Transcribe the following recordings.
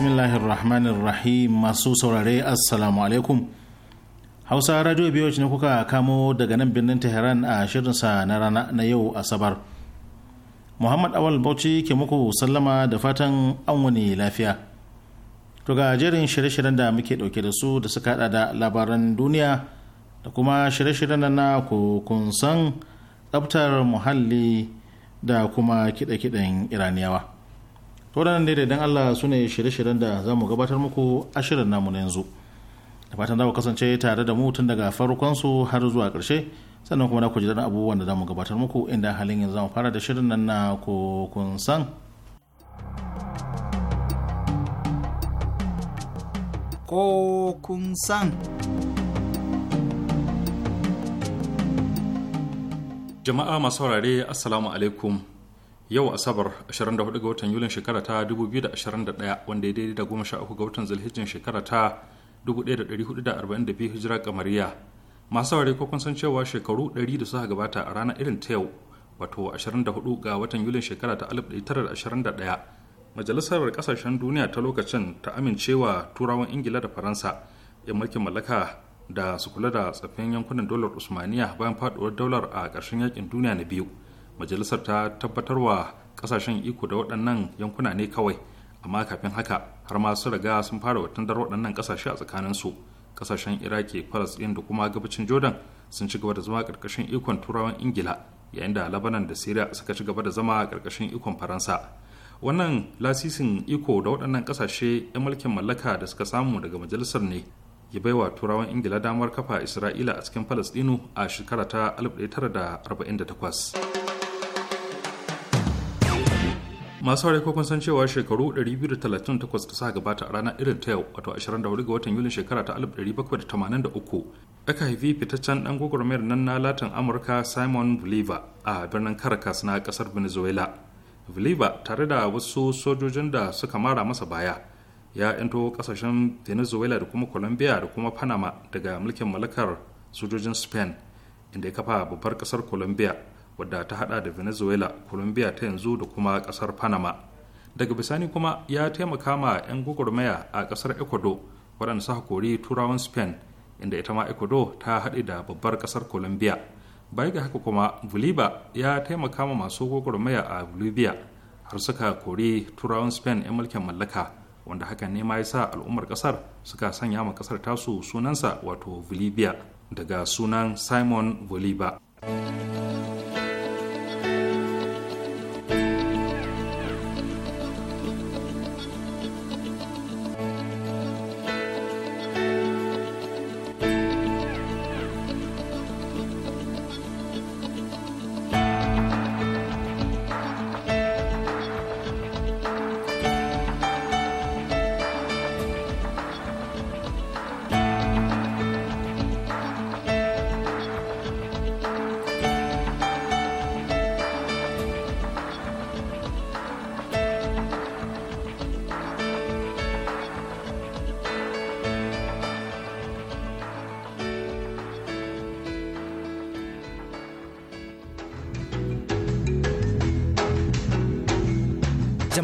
bismillahir masu saurare assalamu alaikum hausa radio biyu na kuka kamo daga nan birnin tehran a shirinsa na rana na yau asabar muhammad awal bauchi ke muku sallama da fatan an wani lafiya to ga jerin shirye-shiryen da muke dauke da su da suka hada da labaran duniya da kuma shirye-shiryen na kun san tsabtar muhalli da kuma kide-kiden iraniyawa waɗannan ne da idan Allah su ne shirye-shiryen da za mu gabatar muku a shirin namu na yanzu da fatan za ku kasance tare da mu tun daga farkon su har zuwa karshe sannan kuma na ku ji abubuwan da za mu gabatar muku inda halin yanzu za mu fara da shirin nan na kun san ko kun san jama'a masu saurare assalamu alaikum yau asabar 24 ga watan yulin shekara ta 2021 wanda ya daidai da 13 ga watan zulhijjin shekara ta 1442 hijira kamariya masu saurari ko kun san cewa shekaru 100 da suka gabata a ranar irin ta yau wato 24 ga watan yulin shekara ta 1921 majalisar kasashen duniya ta lokacin ta amincewa turawan ingila da faransa yan mulkin mallaka da su kula da tsaffin yankunan dolar usmaniya bayan faduwar daular a ƙarshen yakin duniya na biyu majalisar ta tabbatar wa kasashen iko da waɗannan yankuna ne kawai amma kafin haka har ma su riga sun fara watandar waɗannan kasashe a su kasashen iraki palestine da kuma gabacin jordan sun ci gaba da zama ƙarƙashin ikon turawan ingila yayin da labanan da syria suka ci gaba da zama ƙarƙashin ikon faransa wannan lasisin iko da waɗannan kasashe 'yan mulkin mallaka da suka samu daga majalisar ne ya baiwa turawan ingila damar kafa isra'ila a cikin falasɗinu a shekara ta 1948 masu haure ko kun san cewa shekaru 238 da suka gabata a ranar irin ta yau wato 24 ga watan yulin shekara ta 1783 aka haifi fitaccen dan gwagwarmayar nan na latin amurka simon bolivar a birnin caracas na kasar venezuela bolivar tare da wasu sojojin da suka mara masa baya ya yanto kasashen venezuela da kuma colombia da kuma panama daga mulkin mallakar sojojin spain inda ya kafa babbar kasar colombia wadda ta hada da venezuela colombia ta yanzu da kuma kasar panama daga bisani kuma ya taimaka ma 'yan gwagwarmaya a kasar ecuador waɗanda suka kori turawan spain inda ita ma ecuador ta haɗe da babbar kasar colombia baya ga haka kuma bolivia ya taimaka ma masu gwagwarmaya a bolivia har suka kori turawan spain 'yan mulkin mallaka wanda haka ne ma ya sa al'ummar kasar suka sanya ma kasar tasu sunansa wato bolivia daga sunan simon voliva.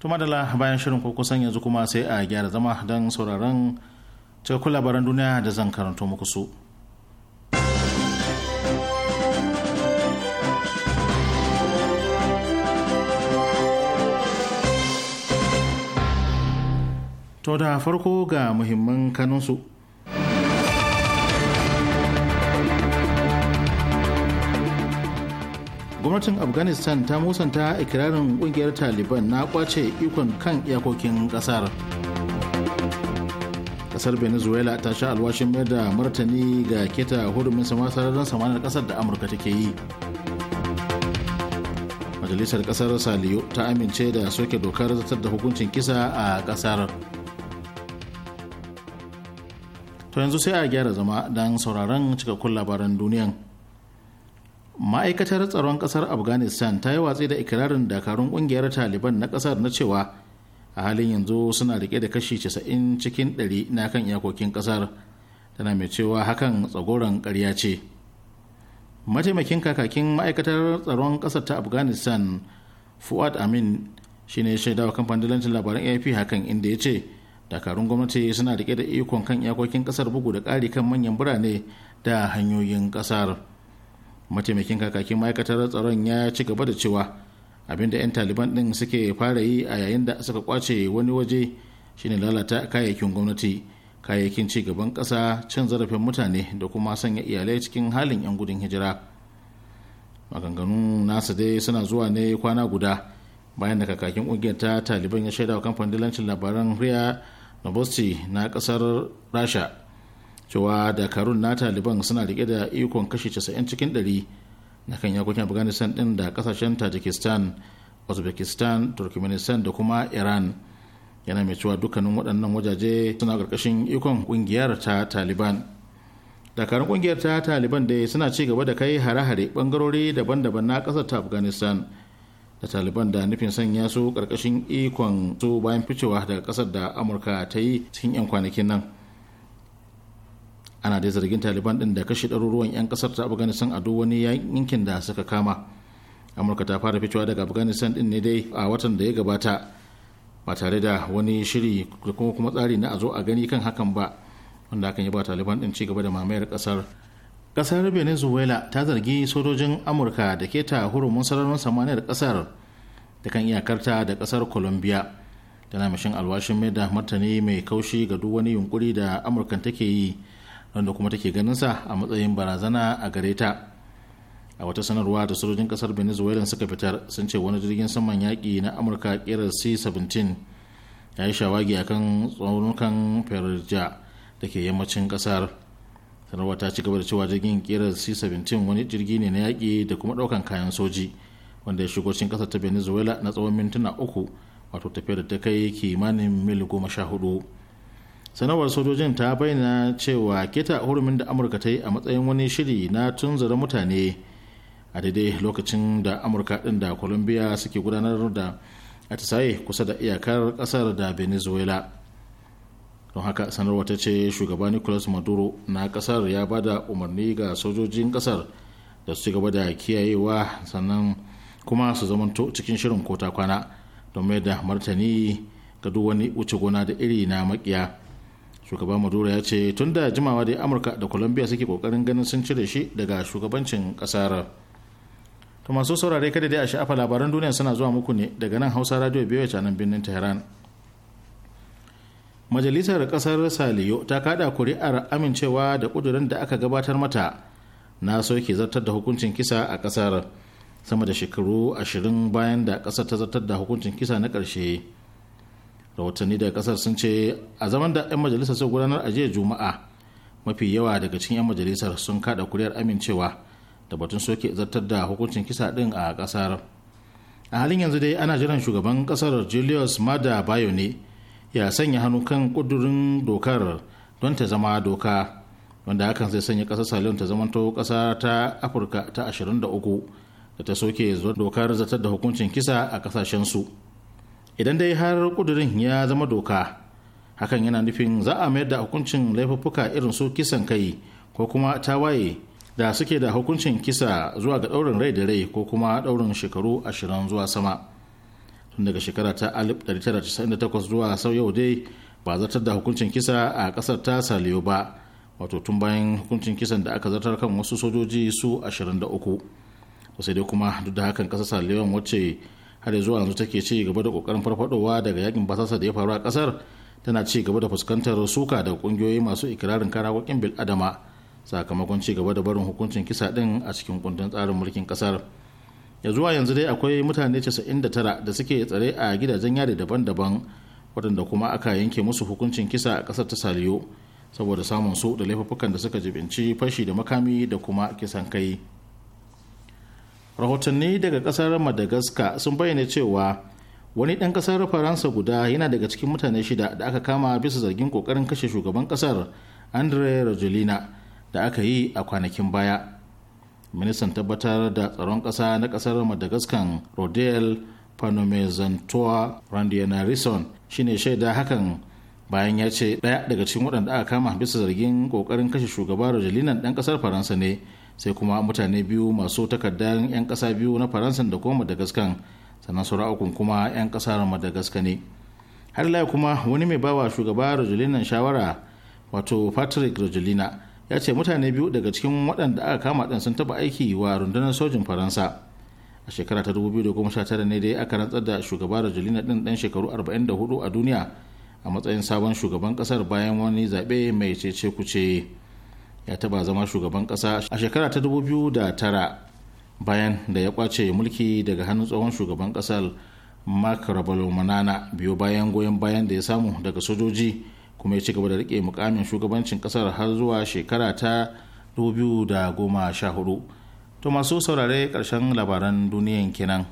to madala bayan shirin ko kusan yanzu kuma sai a gyara zama don sauraron cikakkun labaran duniya da zan karanto muku su to da farko ga muhimman kanunsu gwamnatin afghanistan ta musanta ikirarin kungiyar taliban na kwace ikon kan iyakokin kasar kasar venezuela ta sha alwashin mayar da martani ga keta hurumin sama sararin samanar kasar da amurka take yi majalisar kasar saliyo ta amince da soke dokar zartar da hukuncin kisa a kasar to yanzu sai a gyara zama don sauraron cikakkun labaran duniyan. ma'aikatar tsaron kasar afghanistan ta yi watsi da ikirarin dakarun kungiyar taliban na kasar na cewa a halin yanzu suna rike da kashi 90 cikin 100 na kan iyakokin kasar tana mai cewa hakan tsagoran karya ce mataimakin kakakin ma'aikatar tsaron kasar ta afghanistan fuad amin shine shaidawa kamfanin dalancin labaran ap hakan inda ya ce dakarun gwamnati suna rike da ikon kan iyakokin kasar bugu da ƙari kan manyan birane da hanyoyin kasar. mataimakin kakakin ma'aikatar tsaron ya ci gaba da cewa abinda 'yan taliban ɗin suke fara yi a yayin da suka kwace wani waje shine lalata kayayyakin gwamnati kayayyakin ci gaban ƙasa cin zarafin mutane da kuma sanya iyalai cikin halin 'yan gudun hijira maganganun nasa dai suna zuwa ne kwana guda bayan da kakakin ƙungiyar ta taliban ya shaidawa kamfanin dilancin labaran riya na ƙasar rasha cewa dakarun na taliban suna rike da ikon kashe 90 cikin 100 na kan yakokin afghanistan din da kasashen tajikistan uzbekistan turkmenistan da kuma iran yana mai cewa dukkanin waɗannan wajaje suna ƙarƙashin ikon ƙungiyar ta taliban dakarun ƙungiyar ta taliban dai suna ci gaba da kai hare-hare ɓangarori daban-daban na ƙasar ta afghanistan da taliban da nufin sanya su ƙarƙashin ikon su bayan ficewa daga ƙasar da amurka ta yi cikin 'yan kwanakin nan ana da zargin taliban din da kashe ɗaruruwan 'yan kasar ta afghanistan a duk wani yankin da suka kama amurka ta fara fitowa daga afghanistan din ne dai a watan da ya gabata ba tare da wani shiri da kuma kuma tsari na a zo a gani kan hakan ba wanda hakan ya ba taliban din cigaba da mamayar kasar kasar venezuela ta zargi sojojin amurka da keta hurumin sararin samaniyar kasar da kan iyakarta da kasar colombia tana mashin alwashin mai da martani mai kaushi ga duk wani yunkuri da amurkan take yi wanda kuma take ganinsa a matsayin barazana a gare ta a wata sanarwa da sojojin kasar venezuela suka fitar sun ce wani jirgin saman yaƙi na amurka kirar c-17 ya yi shawagi a kan tsaunukan ferja da ke yammacin kasar sanarwa ta ci gaba da cewa jirgin kirar c-17 wani jirgi ne na yaki da kuma ɗaukan kayan soji wanda ya shigo cikin kasar ta venezuela na tsawon mintuna uku wato tafiyar da ta kai kimanin mil goma sha hudu sanarwar sojojin ta bayyana cewa keta hurumin da amurka ta yi a matsayin wani shiri na tunzura mutane a daidai lokacin da amurka din da colombia suke gudanar da atisaye kusa da iyakar kasar da venezuela don haka sanarwar ta ce shugaba nicolas maduro na kasar ya ba da umarni ga sojojin kasar da su gaba da kiyayewa sannan kuma su zamanto cikin shirin kota kwana don mai da martani ga duk wani wuce gona da iri na makiya shugaban maduro ya ce tun da jimawa dai amurka da colombia suke kokarin ganin sun cire shi daga shugabancin kasar to masu saurare kada dai a sha'afa labaran duniya suna zuwa muku ne daga nan hausa radio biyu a nan birnin tehran majalisar kasar saliyo ta kada kuri'ar amincewa da kudurin da aka gabatar mata na soke zartar da hukuncin kisa a kasar sama da shekaru ashirin bayan da kasar ta zartar da hukuncin kisa na ƙarshe rahotanni daga kasar sun ce a zaman da 'yan majalisar sun gudanar a jiya juma'a mafi yawa daga cikin 'yan majalisar sun kada kuriyar amincewa da batun soke zartar da hukuncin kisa din a kasar a halin yanzu dai ana jiran shugaban kasar julius mada bayo ne ya sanya hannu kan kudurin dokar don ta zama doka wanda hakan zai sanya kasar salon ta zamanto kasa ta afirka ta 23 da ta soke dokar zartar da hukuncin kisa a kasashen su. idan dai har kudurin ya zama doka hakan yana nufin za a mayar da hukuncin laifuffuka irin su kisan kai ko kuma tawaye da suke da hukuncin kisa zuwa ga daurin rai da rai ko kuma daurin shekaru ashirin zuwa sama tun daga shekara ta 1998 zuwa sau yau dai ba zartar da hukuncin kisa a ƙasar ta saliyo ba wato tun bayan hukuncin kisan da aka zartar kan wasu sojoji su 23 sai dai kuma duk da hakan kasar saliyon wacce har zuwa yanzu take ci gaba da kokarin farfadowa daga yakin basasa da ya faru a kasar tana ci gaba da fuskantar suka da kungiyoyi masu ikirarin kara wakin bil adama sakamakon ci gaba da barin hukuncin kisa din a cikin kundin tsarin mulkin kasar ya zuwa yanzu dai akwai mutane 99 da suke tsare a gidajen yari daban-daban waɗanda kuma aka yanke musu hukuncin kisa a ƙasar ta saliyo saboda samun su da laifuffukan da suka jibinci fashi da makami da kuma kisan kai rahotanni daga kasar madagascar sun bayyana cewa wani ɗan kasar faransa guda yana daga cikin mutane shida da aka kama bisa zargin kokarin kashe shugaban kasar andre rajolina da aka yi a kwanakin baya ministan tabbatar da tsaron ƙasa na ƙasar madagascar rodel panomezantua randianarison shine shaida hakan bayan ya ce ɗaya daga cikin waɗanda aka kama bisa zargin ƙoƙarin kashe shugaba rajolina dan ƙasar faransa ne sai kuma mutane biyu masu takardar 'yan ƙasa biyu na faransa da kuma madagaskan sannan saura ra'ukun kuma 'yan ƙasar madagascar ne har lai kuma wani mai bawa shugaba rajulina shawara wato patrick rajulina ya ce mutane biyu daga cikin waɗanda aka kama ɗin sun taɓa aiki wa rundunar sojin faransa a shekara ta 2019 ne dai aka rantsar da shugaba rajulina din ɗan shekaru 44 a duniya a matsayin sabon shugaban ƙasar bayan wani zaɓe mai cece kuce ya taba zama shugaban kasa a shekara ta da tara bayan da ya kwace mulki daga hannun tsohon shugaban kasar mark manana biyo bayan goyon bayan da ya samu daga sojoji kuma ya ci gaba da rike mukamin shugabancin kasar har zuwa shekara ta da goma sha hudu to masu saurare karshen labaran duniyan kenan.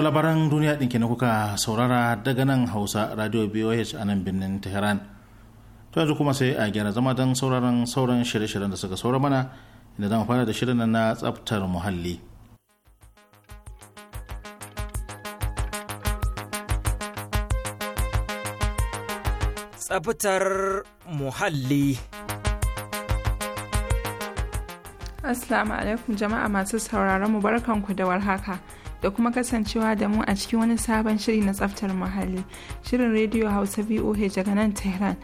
To labaran duniya ɗin kenan kuka saurara daga nan Hausa Radio BOH a nan birnin Tehran. To yanzu kuma sai a gyara zama don sauraron sauran shirye-shiryen da suka saura mana inda zama fara da shirin na tsaftar muhalli. tsabtar muhalli. Assalamu alaikum jama'a masu sauraron mu barkanku da warhaka. haka. da kuma kasancewa da mu a cikin wani sabon shiri na tsaftar muhalli shirin rediyo hausa voh daga nan tehran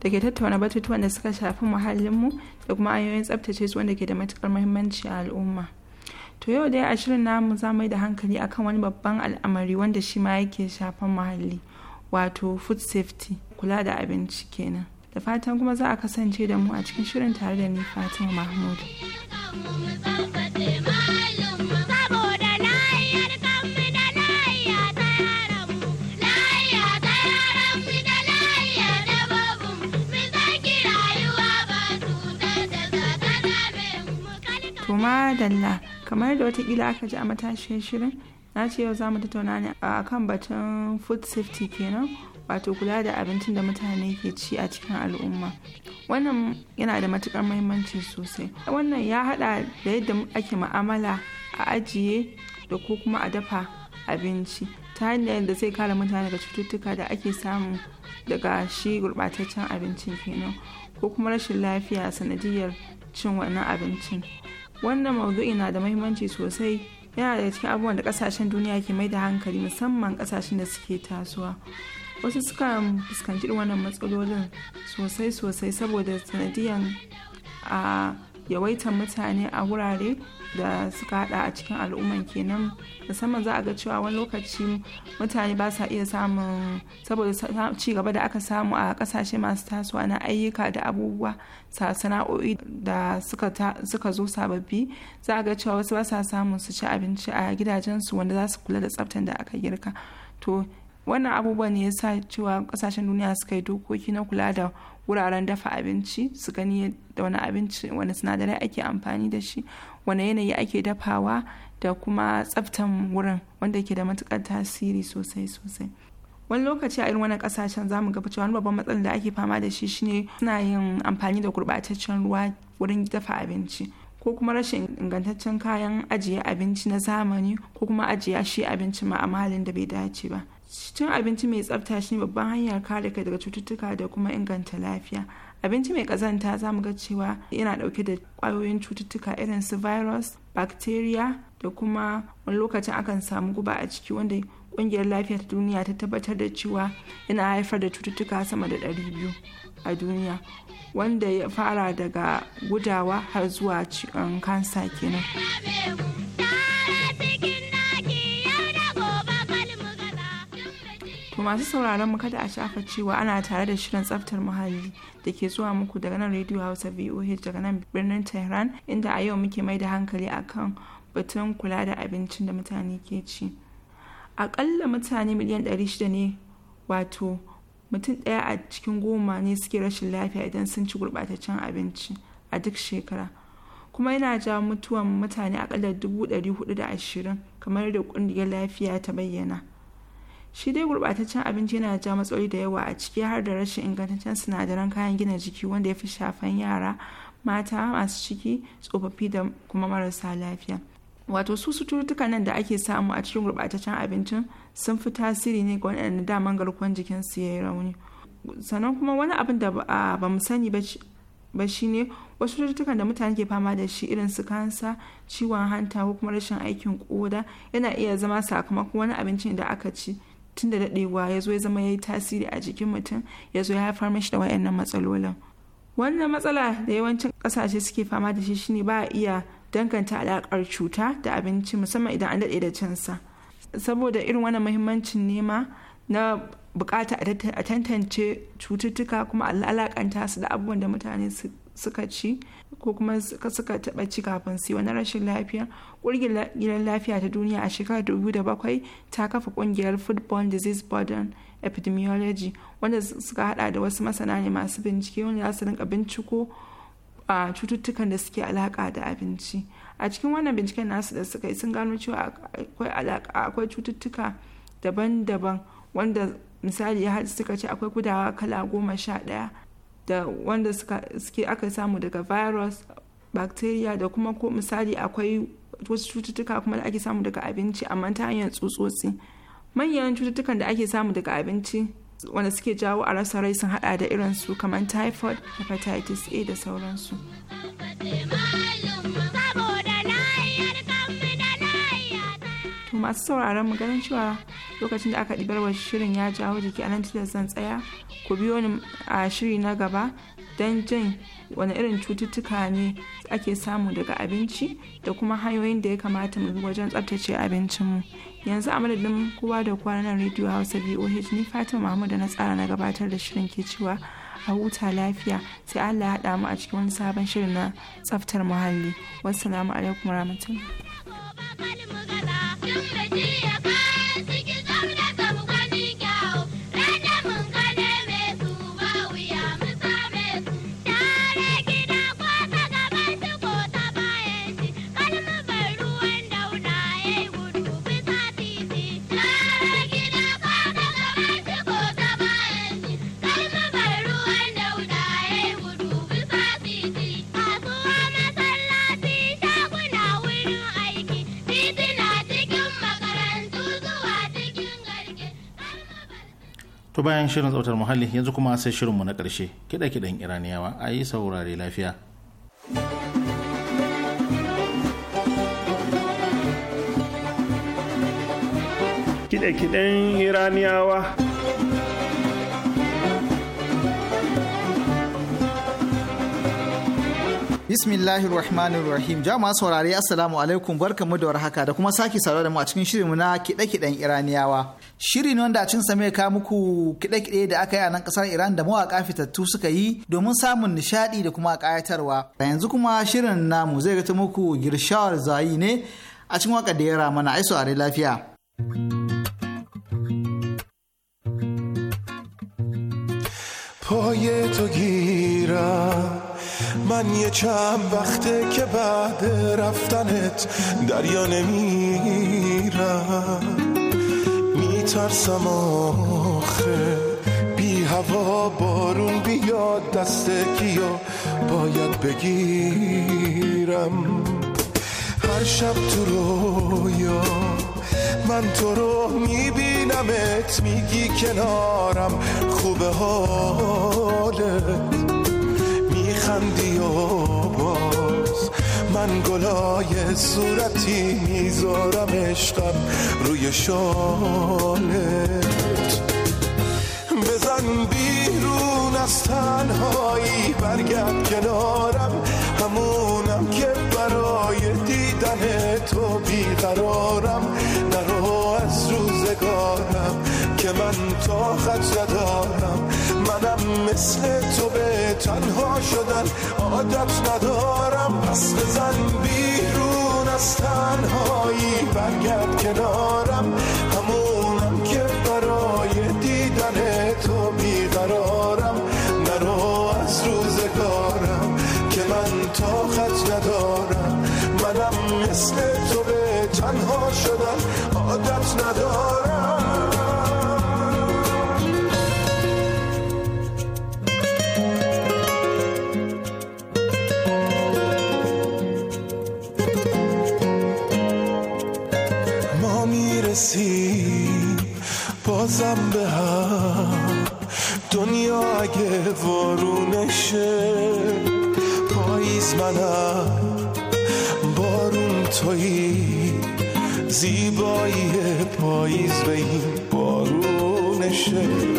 da ke tattauna batutuwan da suka shafi muhallinmu da kuma ayoyin tsaftace su wanda ke da matukar muhimmanci a al'umma to yau dai a shirin namu za yi da hankali akan wani babban al'amari wanda shi ma yake shafan muhalli wato food safety kula da abinci kenan da fatan kuma za a kasance da mu a cikin shirin tare da ni fatima mahmud madalla kamar da watakila aka ji a matashiyar shirin na ce yau za mu tattauna ne a kan batun food safety kenan wato kula da abincin da mutane ke ci a cikin al'umma wannan yana da matukar mahimmanci sosai wannan ya hada da yadda ake ma'amala a ajiye da ko kuma a dafa abinci ta hanyar da zai kare mutane daga cututtuka da ake samu daga shi gurbataccen abincin kenan ko kuma rashin lafiya sanadiyar cin wannan abincin wannan maudu'i na da mahimmanci sosai yana da cikin abubuwan da kasashen duniya ke mai da hankali musamman kasashen da suke tasowa wasu suka fuskanci wannan matsalolin sosai sosai saboda sanadiyan a ah, yawaitar mutane a wurare da suka hada a cikin al'umman kenan da sama za a ga cewa wani lokaci mutane ba sa iya samun saboda ci gaba da aka samu a kasashe masu tasowa na ayyuka da abubuwa sana'o'i da suka zo sababbi za a ga cewa wasu ba sa samun su ci abinci a gidajensu wanda za su kula da tsaftar da aka girka to wannan abubuwa ne ya sa cewa kasashen duniya suka yi dokoki na kula da wuraren dafa abinci su gani da wani abinci wani sinadarai ake amfani da shi wani yanayi ake dafawa da kuma tsaftan wurin wanda ke da matukar tasiri sosai sosai wani lokaci a irin wani kasashen zamu ga cewa wani babban matsalar da ake fama da shi shine suna yin amfani da gurbataccen ruwa wurin dafa abinci ko kuma rashin ingantaccen kayan ajiye abinci na zamani ko kuma ajiye shi abinci ma a da bai dace ba cin abinci mai tsafta shine babban hanyar kare kai daga cututtuka da kuma inganta lafiya abinci mai kazanta za mu ga cewa yana dauke da kwayoyin cututtuka irin su virus bacteria da kuma wani lokacin akan samu guba a ciki wanda kungiyar lafiya ta duniya ta tabbatar da cewa yana haifar da cututtuka sama da 200 a duniya wanda ya fara daga gudawa har zuwa kansa kenan. To masu sauraron mu kada a shafa cewa ana tare da shirin tsaftar muhalli da ke zuwa muku daga nan Radio Hausa VOH daga nan birnin Tehran inda a yau muke mai da hankali kan batun kula da abincin da mutane ke ci. Akalla mutane miliyan 600 ne wato mutum ɗaya a cikin goma ne suke rashin lafiya idan sun ci gurɓataccen abinci a duk shekara. kuma yana ja mutuwan mutane akalla 420 kamar da ƙungiyar lafiya ta bayyana. shi dai gurbataccen abinci yana ja matsaloli da yawa a ciki har da rashin ingantaccen sinadaran kayan gina jiki wanda ya fi shafan yara mata masu ciki tsofaffi da kuma marasa lafiya wato su suturtukan nan da ake samu a cikin gurbataccen abincin sun fi tasiri ne ga waɗanda daman garkuwar jikinsu ya yi rauni sannan kuma wani abin da ba mu sani ba shi ne wasu cututtukan da mutane ke fama da shi irin su kansa ciwon hanta ko kuma rashin aikin koda yana iya zama sakamakon wani abincin da aka ci tun da daɗewa ya zo ya zama ya yi tasiri a jikin mutum ya zo ya haifar mashi da wayannan matsalolin wannan matsala da yawancin ƙasashe suke fama da shi shine ba a iya danganta alaƙar cuta da abinci musamman idan an daɗe da cinsa saboda irin wannan muhimmancin nema na bukata a tantance cututtuka kuma alaƙanta su da abubuwan da mutane su. suka ci ko kuma suka taɓa ci kafin su wani rashin lafiya ƙungiyar lafiya ta duniya a shekarar 2007 ta kafa ƙungiyar football disease burden epidemiology wanda suka hada da wasu masana ne masu bincike wanda za su rinka binciko a cututtukan da suke alaka da abinci a cikin wannan binciken nasu da suka yi sun gano cewa akwai cututtuka daban-daban wanda misali ya haɗu suka ce akwai gudawa kala goma sha ɗaya da wanda suke aka samu daga virus bacteria da kuma ko misali akwai wasu cututtuka kuma da ake samu daga abinci amma ta hanyar tsutsotsi manyan cututtukan da ake samu daga abinci wanda suke jawo a rasa rai sun hada da irinsu kamar typhoid hepatitis a da sauransu. masu sauraron mu ganin cewa lokacin da aka ɗibar shirin ya jawo jiki a nan zan tsaya ku biyo ni a shiri na gaba don jin wani irin cututtuka ne ake samu daga abinci da kuma hanyoyin da ya kamata mu wajen tsabtace abincinmu yanzu a madadin kowa da kowa na rediyo hausa boh ni fatima mahmud da na tsara na gabatar da shirin ke cewa a huta lafiya sai allah ya haɗa mu a cikin wani sabon shirin na tsaftar muhalli wasu alaikum rahmatullahi We a to bayan shirin tsautar muhalli yanzu kuma sai shirinmu na ƙarshe kiɗa-kiɗan iraniyawa a yi saurare lafiya kiɗe-kiɗen iraniyawa bismillahir rahmanir rahim jama saurari assalamu alaikum barkamu da warhaka da kuma sake saurari da mu a cikin shirinmu na kiɗe-kiɗen iraniyawa Shiri ne wanda a cin same ka muku kiɗe-kiɗe da aka yi a nan ƙasar Iran da mawaƙa fitattu suka yi domin samun nishaɗi da kuma ƙayatarwa. A yanzu kuma shirin namu zai gata muku girshawar zayi ne a cikin wakar da ya mana aiso a lafiya. پای تو گیرم من یه چند وقته که بعد رفتنت دریا نمیرم میترسم آخه بی هوا بارون بیاد دست کیا باید بگیرم هر شب تو رویا من تو رو میبینمت میگی کنارم خوب حالت میخندی و من گلای صورتی میذارم عشقم روی شالت، بزن بیرون از تنهایی برگرد کنارم همونم که برای دیدن تو بیقرارم که من خط ندارم منم مثل تو به تنها شدن عادت ندارم پس بزن بیرون از تنهایی برگرد کنارم همونم که برای دیدن تو بیقرارم نرو از روزگارم که من خط ندارم منم مثل تو به تنها شدن عادت ندارم اگه وارونشه پاییز منم بارون توی زیبایی پاییز به این بارونشه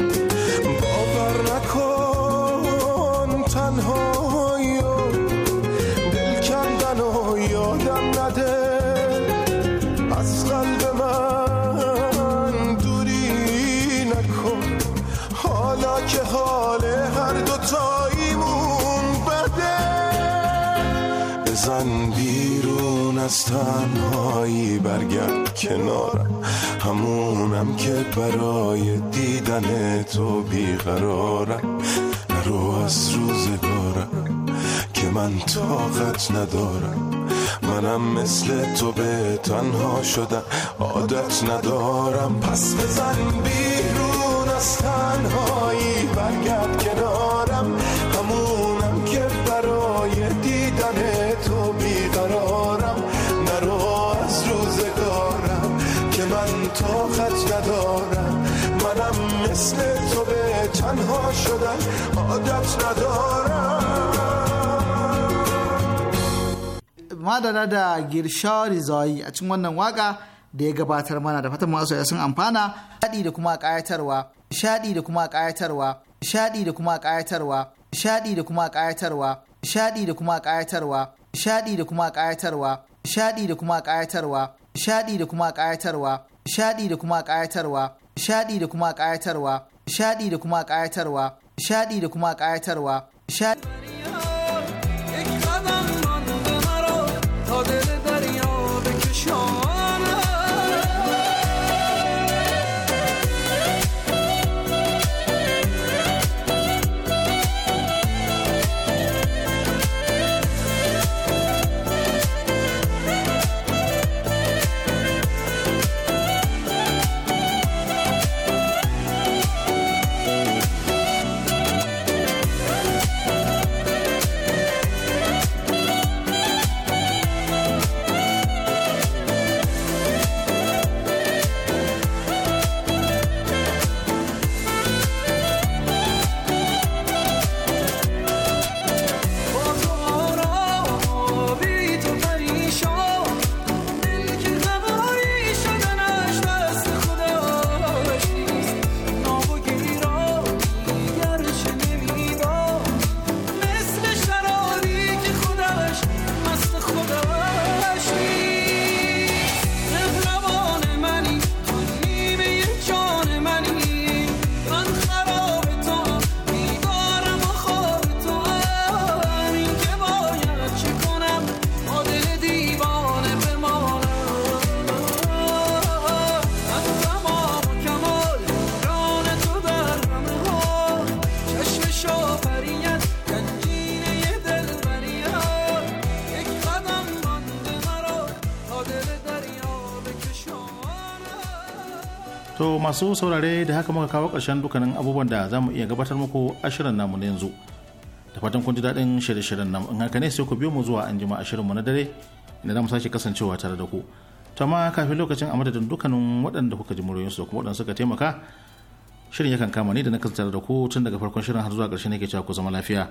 از تنهایی برگرد کنارم همونم که برای دیدن تو بیقرارم نرو از روزگارم که من طاقت ندارم منم مثل تو به تنها شدم عادت ندارم پس بزن بیرون از تنهایی برگرد کنارم ندارم منم مثل تو به تنها شدن عادت ندارم madana da girsha rizayi a cikin wannan waka da ya gabatar mana da fatan masu sun amfana shaɗi da kuma ƙayatarwa shaɗi da kuma ƙayatarwa shaɗi da kuma ƙayatarwa shaɗi da kuma ƙayatarwa shaɗi da kuma ƙayatarwa shaɗi da kuma ƙayatarwa shaɗi da kuma ƙayatarwa shaɗi da kuma ƙayatarwa shaɗi da kuma ƙayatarwa shaɗi da kuma ƙayatarwa shaɗi da kuma ƙayatarwa shaɗi da kuma ƙayatarwa nishadi masu saurare da haka muka kawo ƙarshen dukkanin abubuwan da za mu iya gabatar muku a shirin namu na yanzu da fatan kun ji daɗin shirye-shiryen nan in haka ne sai ku biyo mu zuwa an jima a mu na dare inda za mu sake kasancewa tare da ku to ma kafin lokacin a madadin dukkanin waɗanda kuka ji muryoyinsu da kuma waɗanda suka taimaka shirin yakan kama ni da na kasance da ku tun daga farkon shirin har zuwa ƙarshe ke cewa ku zama lafiya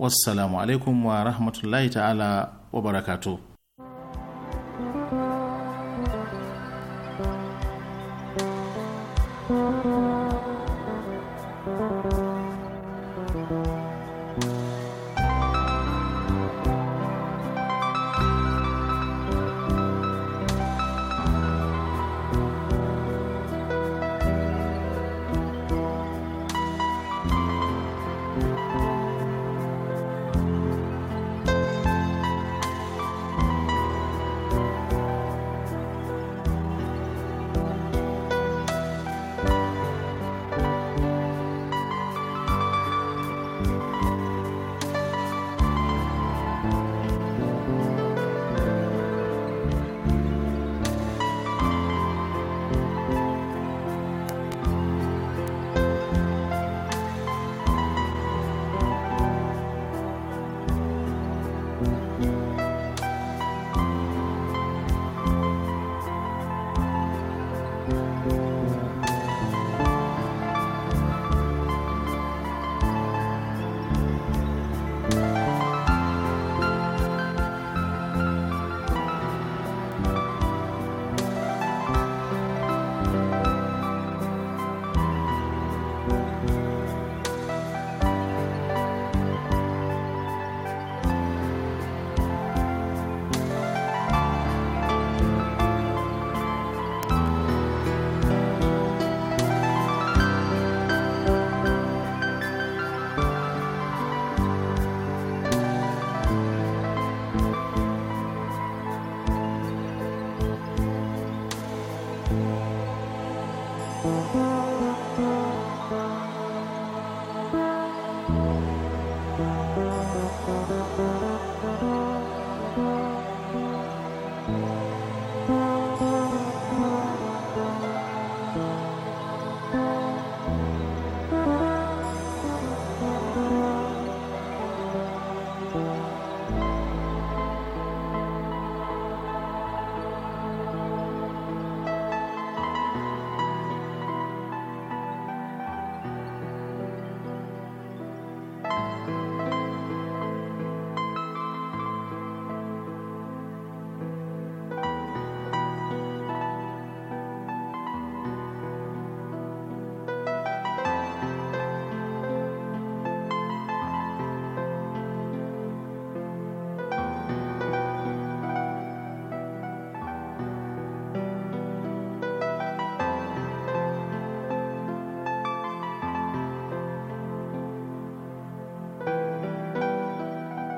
wassalamu alaikum wa rahmatullahi ta'ala wa barakatuh